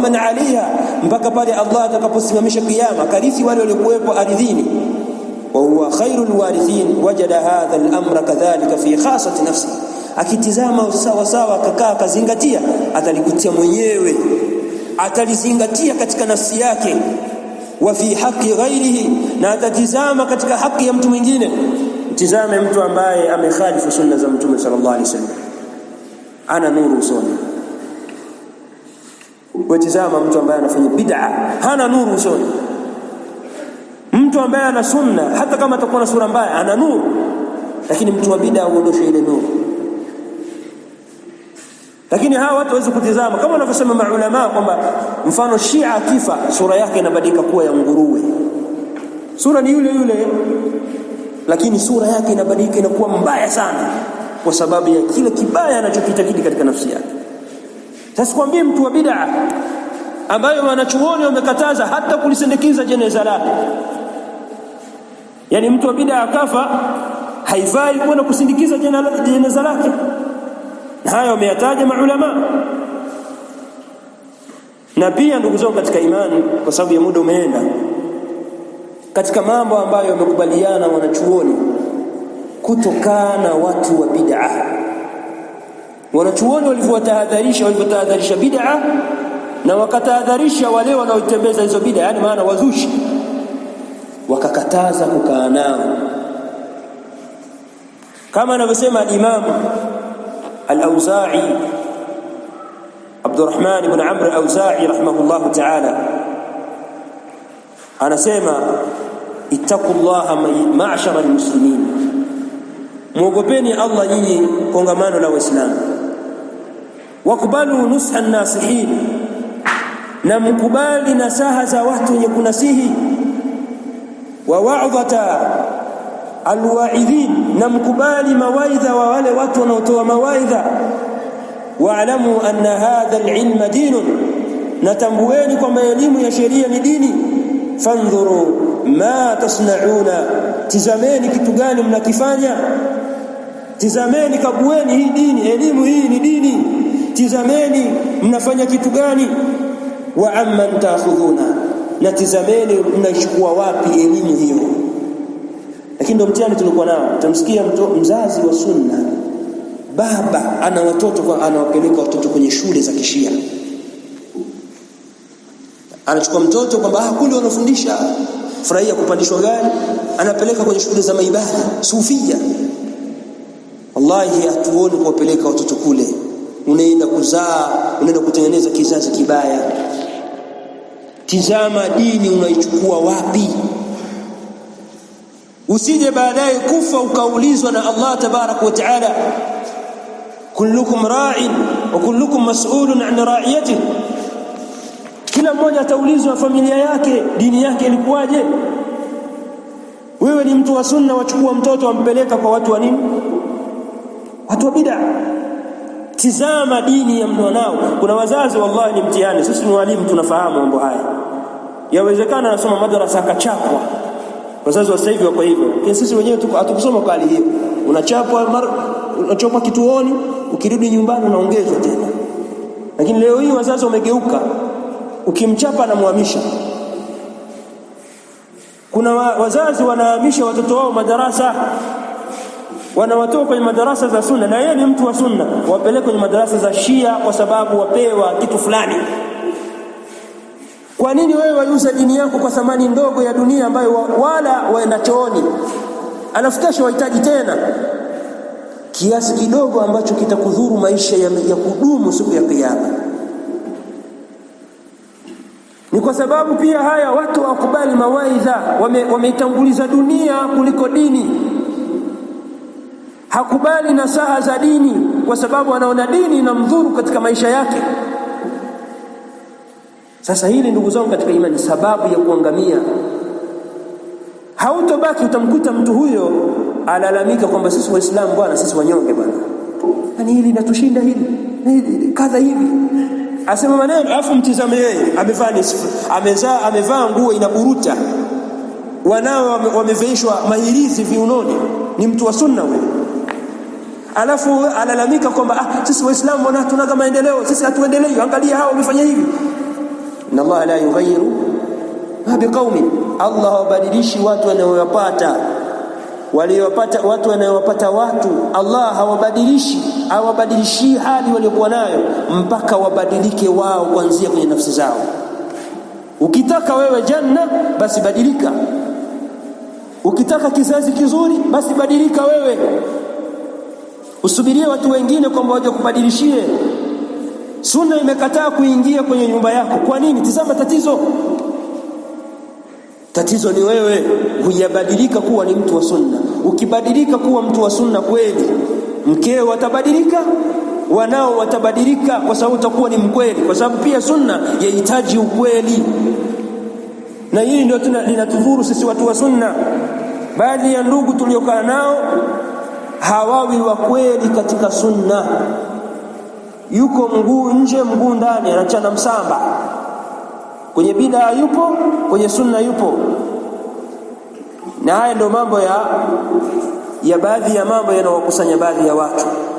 man alaiha, mpaka pale Allah atakaposimamisha kiyama, karithi wale waliokuwepo ardhini. Wa huwa khairul warithin, wajada hadha al-amra kadhalika fi khasati nafsi, akitizama sawa sawa, akakaa akazingatia, atalikutia mwenyewe, atalizingatia katika nafsi yake. Wa fi haqi ghairihi, na atatizama katika haki ya mtu mwingine. Mtizame mtu ambaye amekhalifu sunna za Mtume sallallahu alaihi wasallam, ana nuru usoni Watizama mtu ambaye anafanya bid'a hana nuru usoni. Mtu ambaye ana sunna hata kama atakuwa na sura mbaya ana nuru, lakini mtu wa bid'a huondosha ile nuru. Lakini hawa watu waweze kutizama kama wanavyosema maulama kwamba mfano Shia akifa sura yake inabadilika kuwa ya nguruwe. Sura ni yule yule, lakini sura yake inabadilika inakuwa mbaya sana, kwa sababu ya kile kibaya anachokitakidi katika nafsi yake. Nasikwambie mtu wa bid'a ambayo wanachuoni wamekataza hata kulisindikiza jeneza lake. Yaani mtu wa bid'a akafa, haifai kwenda kusindikiza jeneza lake, na hayo wameyataja maulama. Na pia ndugu zangu katika imani, kwa sababu ya muda umeenda, katika mambo ambayo wamekubaliana wanachuoni kutokana watu wa bid'a Wanachuoni walivyotahadharisha walivyotahadharisha bid'a na wakatahadharisha wale wanaotembeza hizo bid'a, yani maana wazushi, wakakataza kukaa nao, kama anavyosema al-Imam al-Auza'i Abdurrahman ibn Amr al-Auza'i rahimahullahu ta'ala, anasema ittaqullaha ma'shara al-muslimin, muogopeni Allah nyinyi kongamano la Waislamu Wakubalu nusha nasihin, na mkubali nasaha za watu wenye kunasihi. Wa waadhata alwaidhin, na mkubali mawaidha wa wale watu wanaotoa mawaidha. Waalamu anna hadha alilma dinun, na tambueni kwamba elimu ya sheria ni dini. Fandhuru ma tasnauna, tizameni kitu gani mnakifanya. Tizameni, kabueni hii dini, elimu hii ni dini tizameni mnafanya kitu gani? wa amma taakhudhuna, na tizameni mnaichukua wapi elimu hiyo. Lakini ndio mtihani tulikuwa nao. Utamsikia mzazi wa sunna, baba ana watoto kwa anawapeleka watoto kwenye shule za kishia, anachukua mtoto kwamba ah, kule wanafundisha furahia kupandishwa gari, anapeleka kwenye shule za maibada sufia. Wallahi hatuoni kuwapeleka watoto kule unaenda kuzaa, unaenda kutengeneza kizazi kibaya. Tizama dini unaichukua wapi, usije baadaye kufa ukaulizwa na Allah tabaraka wa taala, kullukum ra'in wa kullukum mas'ulun an ra'iyatihi, kila mmoja ataulizwa familia yake, dini yake ilikuwaje. Wewe ni mtu wa sunna, wachukua mtoto wampeleka kwa watu wa nini? Watu wa bid'a Tizama dini ya mwanao. Kuna wazazi wallahi ni mtihani. Sisi ni walimu tunafahamu mambo haya. Yawezekana anasoma madrasa akachapwa. Wazazi wa sasa hivi wako hivyo, lakini sisi wenyewe hatukusoma kwa hali hiyo. Unachapwa, unachopwa kituoni, ukirudi nyumbani unaongezwa tena. Lakini leo hii wazazi wamegeuka, ukimchapa anamhamisha. Kuna wazazi wanahamisha watoto wao madarasa wanawatoa kwenye madarasa za sunna, na yeye ni mtu wa sunna, wapeleke kwenye madarasa za Shia kwa sababu wapewa kitu fulani. Kwa nini wewe waiuza dini yako kwa thamani ndogo ya dunia ambayo wala waenda chooni, alafu kesho wahitaji tena kiasi kidogo ambacho kitakudhuru maisha ya, ya kudumu siku ya Kiyama? Ni kwa sababu pia haya watu hawakubali mawaidha, wameitanguliza wame dunia kuliko dini hakubali nasaha za dini, kwa sababu anaona dini inamdhuru katika maisha yake. Sasa hili ndugu zangu katika imani, sababu ya kuangamia hautobaki. Utamkuta mtu huyo alalamika kwamba sisi Waislamu bwana, sisi wanyonge bwana, yani hili natushinda hili kadha hivi, asema maneno alafu mtizame yeye, amevaa amezaa amevaa nguo inaburuta, wanao wameveishwa mahirizi viunoni, ni mtu wa sunna huyo alafu alalamika kwamba ah, sisi Waislamu mbona hatunaga maendeleo, sisi hatuendelei, angalia hao wamefanya hivi. Inna Allah la yughayyiru ma biqaumi, Allah hawabadilishi watu wanayowapata waliyopata watu wanayowapata watu, Allah hawabadilishi, hawabadilishii hali waliokuwa nayo mpaka wabadilike wao kuanzia kwenye nafsi zao. Ukitaka wewe janna, basi badilika. Ukitaka kizazi kizuri, basi badilika wewe usubirie watu wengine kwamba waje kubadilishie. Sunna imekataa kuingia kwenye nyumba yako. Kwa nini? Tizama tatizo. Tatizo ni wewe hujabadilika kuwa ni mtu wa sunna. Ukibadilika kuwa mtu wa sunna kweli, mkeo watabadilika, wanao watabadilika, kwa sababu utakuwa ni mkweli, kwa sababu pia sunna yahitaji ukweli. Na hili ndio linatudhuru sisi watu wa sunna, baadhi ya ndugu tuliokaa nao hawawi wa kweli katika sunna. Yuko mguu nje mguu ndani, anachana msamba. Kwenye bidaa yupo, kwenye sunna yupo. Na haya ndio mambo ya ya baadhi ya mambo yanawakusanya baadhi ya watu.